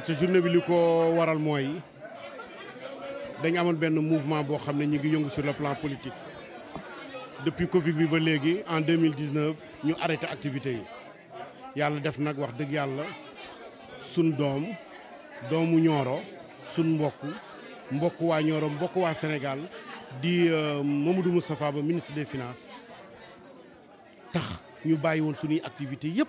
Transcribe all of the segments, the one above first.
parce que journée bi liko waral moy dañu amone ben mouvement bo xamné ne ñu ngi yëngu sur le plan politique depuis Covid bi ba légui en 2019 ñu arrêté activité yi yalla def nak wax deug yalla sun dom domu ñoro sun mbokk mbokk wa ñoro mbokk wa Sénégal di euh, Mamadou Moustapha Ba ministre des finances tax ñu bàyyi woon activité yépp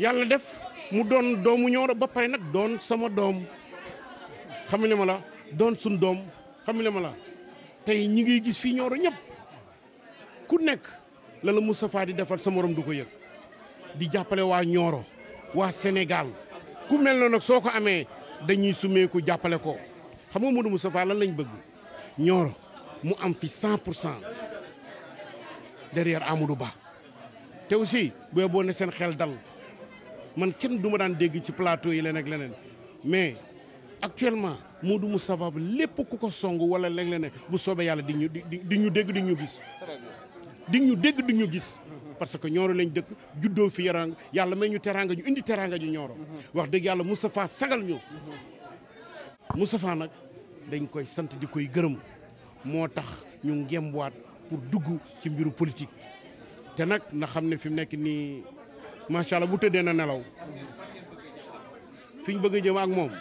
yàlla def mu doon doomu Nioro ba pare nag doon sama doom xam li ma la doon suñ doom xam ma la tey ñi ngi gis fii Nioro ñëpp ku nekk la la Moustapha di defal sa morom du ko yëg di jàppale waa ñooro waa Sénégal ku mel noonu nag soo ko amee dañuy sumeeku jàppale ko xam nga Modou Moustapha lan lañ bëgg ñooro mu am fi 100 pour cent derrière Amadou Ba te aussi boo boo ne seen xel dal. man kenn du ma daan dégg ci plateau yi leen ak leneen mais actuellement Modou Moussa Ba lépp ku ko song wala leneen leneen bu soobee yàlla di ñu di ñu dégg di ñu gis di ñu dégg di ñu gis parce que ñooro lañ dëkk juddoo fi yarang yàlla may ñu teraanga ñu indi teraanga ñu ñooro wax dëgg yàlla Moustapha sagal ñu Moustapha nag dañ koy sant di koy gërëm moo tax ñu ngembuwaat pour dugg ci mbiru politique te nag na ne fi nekk nii macha allah bu tëddee na nelaw fi ñu bëgg jëm ak moom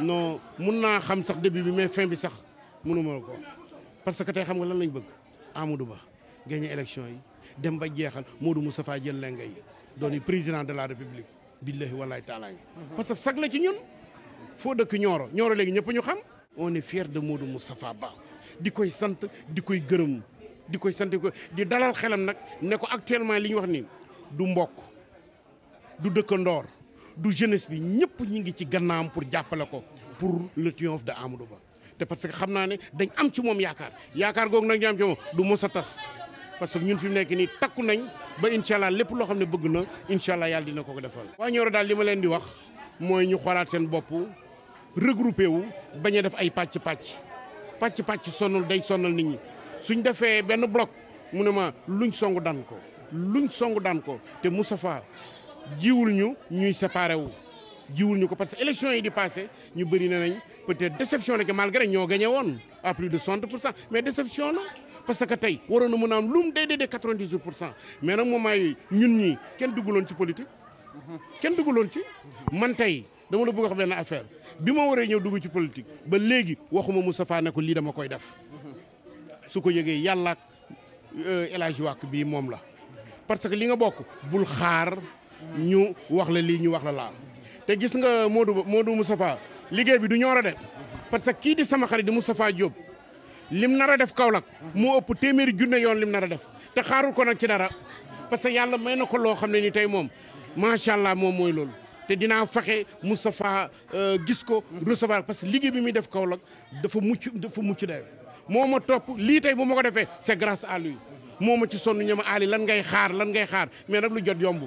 no mun naa xam sax début bi mais fin bi sax mënuma ko parce que tey xam nga lan lañ bëgg Amadou Ba ñu élection yi dem ba jeexal Modou Moustapha jël lengay doon président de la république billahi wallahi taala parce que sag la ci ñun foo dëkk Nioro Nioro léegi ñëpp ñu xam on est fier de Modou Moustapha Ba di koy sant di koy gërëm di koy sant di dalal xelam nag ne ko actuellement li ñu wax nii du mbokk du dëkkandoor du jeunesse bi ñëpp ñu ngi ci gannaam pour jàppale ko pour le triomphe de Amadou Ba te parce que xam naa ne dañ am ci moom yaakaar yaakaar googu nag ñu am ci moom du mos a tas parce que ñun fi mu nekk nii takku nañ ba incha lépp loo xam ne bëgg na incha allah yàlla dina ko ko defal. waa Nioro daal li ma leen di wax mooy ñu xoolaat seen bopp regroupé wu bañ a def ay pàcc pàcc pàcc pàcc sonnul day sonnal nit ñi suñ defee benn bloc mu ne ma luñ songu daan ko luñ songu daan ko te Moustapha jiwul ñu ñuy séparé wu jiwul ñu ko parce que élection yi di passé ñu bëri na nañ peut-être déception la que malgré ñoo gagné woon à plus de 60 pour cent mais déception la parce que tey waroon na mën a am lu mu day dee 98 pour cent mais nag moment ñun ñii kenn dugguloon ci politique kenn dugguloon ci man tey dama la bëgg wax benn affaire bi ma waree ñëw dugg ci politique ba léegi waxuma Moustapha ne lii dama koy def su ko yëgee yàlla ak euh, El bii moom la parce que li nga bokk bul xaar ñu wax la li ñu wax la la te gis nga Modou Modou mustapha liggéey bi du ñoor a parce que ki di sama xarit di mustapha job lim nara def kaolak moo upp téeméeri junne yoon lim nara def te xaarul ko nak ci dara parce que yalla may nako lo loo ni tay mom ma sha macha allah moom mooy loolu te dinaa fexe Moustapha euh, gis ko recevoir parce que liggéey bi mi def kaolak dafa muccu dafa muccu day moo top li tay bu ma ko c'est grâce à lui moo ci sonu ñama Ali lan ngay xaar lan ngay xaar mais nak lu jot yombu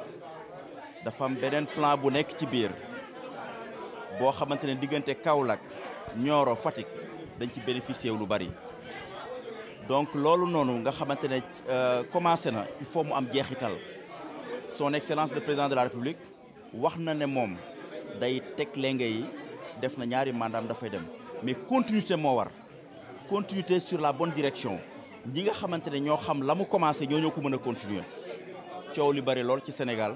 a un un plan bu nekk ci Si on qui a Kaolack Nioro Fatick dañ ci bénéficier wu a bari donc pour nga qui euh, commencé il faut mu am jeexital son excellence le président de la république wax na que day mais continuité moo war sur la bonne direction ñi ne xam la commencé continuer Sénégal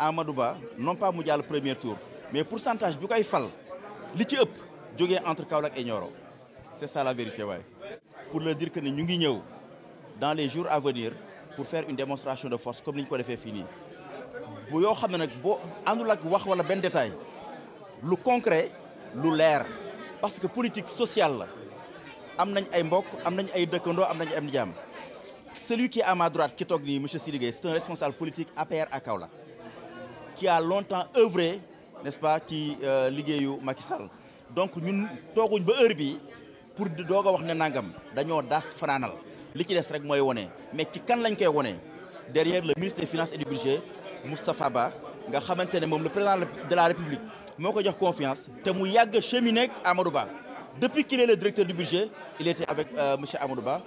Amadouba, non pas Moudia le premier tour mais pourcentage bi koy fall. li ci entre Kaolack et Nioro c'est ça la vérité pour le dire que nous sommes dans les jours à venir pour faire une démonstration de force comme nous l'a fait finir. Vous nous bu yoo xam détail Le concret le l'air, parce que politique sociale la avons ay mbokk am ay celui qui est à ma droite qui est monsieur c'est un responsable politique APR à Kaolack qui a longtemps œuvré n'est-ce pas qui euh, liggéeyu Macky Sall donc nous tooguñ ba heure bi pour doog wax ne nangam daño Das franal. li ci dess rek moy woné, mais ci kan lañ koy woné? derrière le ministre des finances et du budget Moustapha Ba nga xamantene mom le président de la République moko jox confiance té mu yagg cheminé Amadou Ba depuis qu'il est le directeur du budget il était avec euh, monsieur Amadou Ba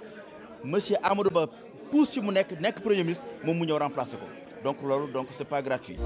monsieur Amadou Ba pousse si mu nekk premier ministre il mu remplacé. remplacer donc loolu donc c'est pas gratuit